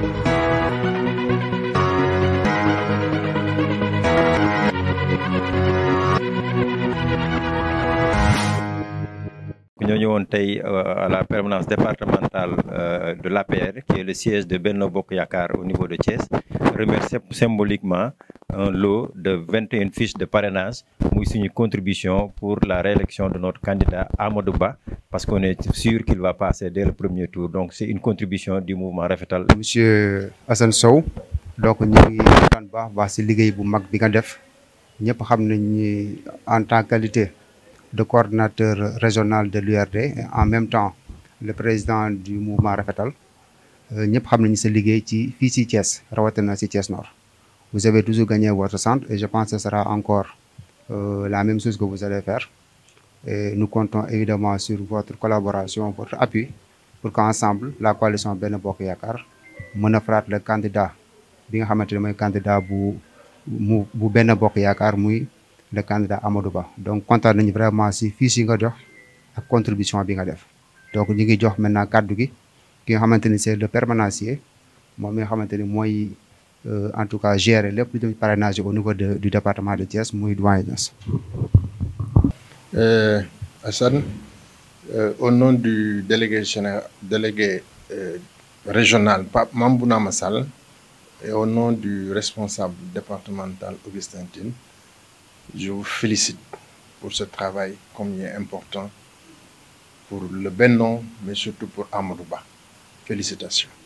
ñoo ñëwoon tey euh, à la permanence départementale euh, de l'APR qui est le siège de Benno Bokk Yakaar au niveau de Thiès remercier symboliquement un lot de 21 fiches de parrainage muy suñu contribution pour la réélection de notre candidat Amadou Ba parce qu'on est sûr qu'il va passer dès le premier tour donc c'est une contribution du mouvement Rafetal monsieur Assane Sow donc ñu ngi baax baax si liggéey bu mag bi nga def ñëpp xam nañ ni en tant qualité de coordinateur régional de l'URD en même temps le président du mouvement Rafetal euh, ñëpp xam nañu sa liggéey ci fii si Thiès rawatina si Thiès Nord vous avez toujours gagné votre centre et je pense ce sera encore euh, la même chose que vous allez faire. Et nous comptons évidemment sur votre collaboration, votre appui pour qu'ensemble, la coalition Benno Bokk Yaakaar mën a faraat le candidat bi nga xamante ne mooy candidat bu mu bu Benno Bokk Yaakaar muy le candidat Amadou Ba. donc kontaan nañu vraiment si fiche yi nga jox ak contribution bi nga def donc ñu ngi jox maintenant kàddu gi ki nga xamante ni c'est le permanencier moom mi nga xamante ni mooy. Euh, en tout cas gérer lépp lu jëm parrainage au niveau du département de Thiès muy doyen Niass. Euh, Assane euh, au nom du délégué régional Pape Mambouna Massal et au nom du responsable départemental Augustin Tine je vous félicite pour ce travail comme il est important pour le Benno mais surtout pour Amadou Ba félicitations.